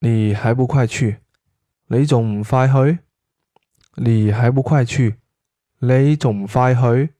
你還不快去？你仲唔快去？你還不快去？你仲唔快去？